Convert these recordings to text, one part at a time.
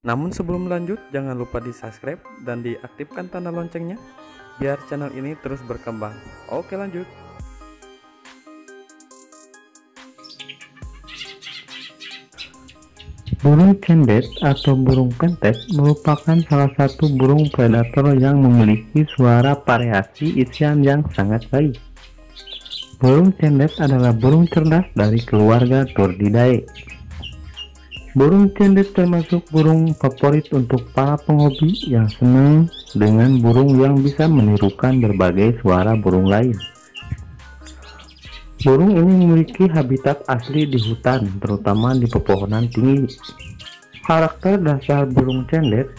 Namun sebelum lanjut, jangan lupa di subscribe dan diaktifkan tanda loncengnya biar channel ini terus berkembang. Oke lanjut. Burung cendet atau burung pentet merupakan salah satu burung predator yang memiliki suara variasi isian yang sangat baik. Burung cendet adalah burung cerdas dari keluarga Turdidae Burung cendet termasuk burung favorit untuk para penghobi yang senang dengan burung yang bisa menirukan berbagai suara burung lain. Burung ini memiliki habitat asli di hutan, terutama di pepohonan tinggi. Karakter dasar burung cendet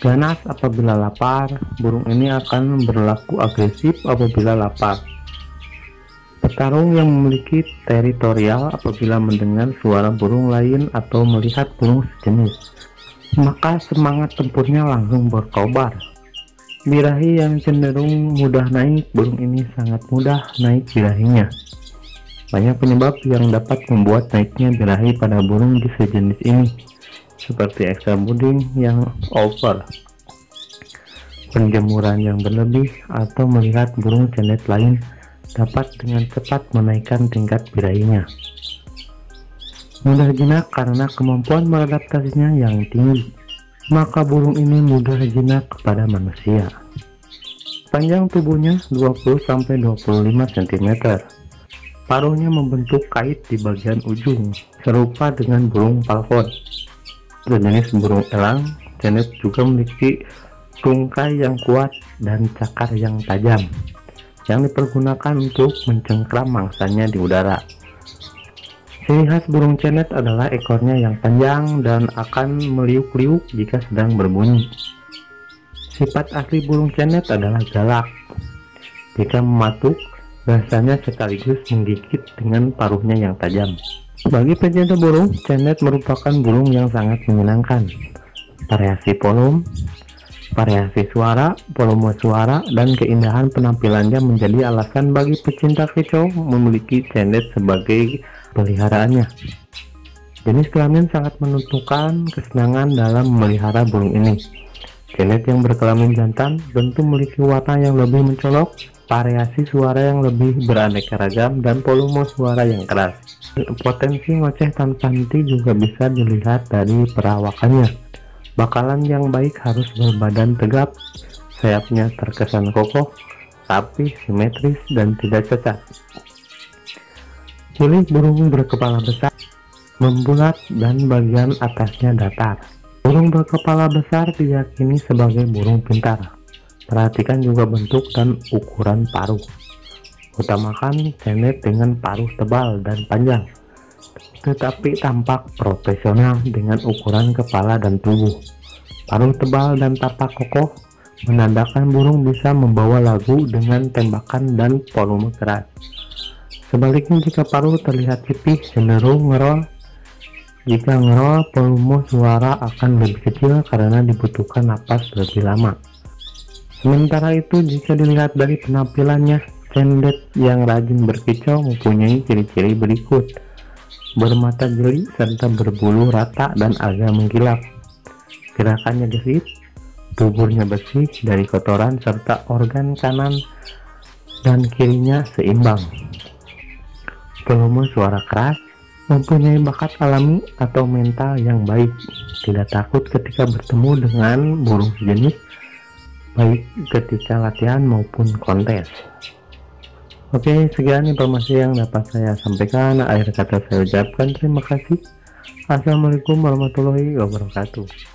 ganas apabila lapar, burung ini akan berlaku agresif apabila lapar. Petarung yang memiliki teritorial apabila mendengar suara burung lain atau melihat burung sejenis, maka semangat tempurnya langsung berkobar. Birahi yang cenderung mudah naik, burung ini sangat mudah naik birahinya. Banyak penyebab yang dapat membuat naiknya birahi pada burung di sejenis ini, seperti ekstra buding yang over, penjemuran yang berlebih, atau melihat burung jenis lain dapat dengan cepat menaikkan tingkat birahinya. Mudah jinak karena kemampuan beradaptasinya yang tinggi, maka burung ini mudah jinak kepada manusia. Panjang tubuhnya 20-25 cm. Paruhnya membentuk kait di bagian ujung, serupa dengan burung falcon. Jenis burung elang, jenis juga memiliki tungkai yang kuat dan cakar yang tajam yang dipergunakan untuk mencengkram mangsanya di udara. Ciri khas burung cenet adalah ekornya yang panjang dan akan meliuk-liuk jika sedang berbunyi. Sifat asli burung cenet adalah galak. Jika mematuk, rasanya sekaligus menggigit dengan paruhnya yang tajam. Bagi pecinta burung, cenet merupakan burung yang sangat menyenangkan. Variasi volume. Variasi suara, volume suara, dan keindahan penampilannya menjadi alasan bagi pecinta kecoa memiliki cendet sebagai peliharaannya. Jenis kelamin sangat menentukan kesenangan dalam memelihara burung ini. Cendet yang berkelamin jantan tentu memiliki warna yang lebih mencolok, variasi suara yang lebih beraneka ragam, dan volume suara yang keras. Potensi ngoceh tanpa henti juga bisa dilihat dari perawakannya Bakalan yang baik harus berbadan tegap, sayapnya terkesan kokoh, tapi simetris, dan tidak cacat. Pilih burung berkepala besar, membulat, dan bagian atasnya datar. Burung berkepala besar diyakini sebagai burung pintar. Perhatikan juga bentuk dan ukuran paruh. Utamakan senet dengan paruh tebal dan panjang tetapi tampak profesional dengan ukuran kepala dan tubuh. Paruh tebal dan tapak kokoh menandakan burung bisa membawa lagu dengan tembakan dan volume keras. Sebaliknya jika paruh terlihat tipis cenderung ngerol, jika ngerol volume suara akan lebih kecil karena dibutuhkan napas lebih lama. Sementara itu jika dilihat dari penampilannya, cendet yang rajin berkicau mempunyai ciri-ciri berikut bermata jeli serta berbulu rata dan agak mengkilap. Gerakannya gesit, tubuhnya bersih dari kotoran serta organ kanan dan kirinya seimbang. Volume suara keras, mempunyai bakat alami atau mental yang baik, tidak takut ketika bertemu dengan burung sejenis, baik ketika latihan maupun kontes. Oke, sekian informasi yang dapat saya sampaikan. Akhir kata saya ucapkan terima kasih. Assalamualaikum warahmatullahi wabarakatuh.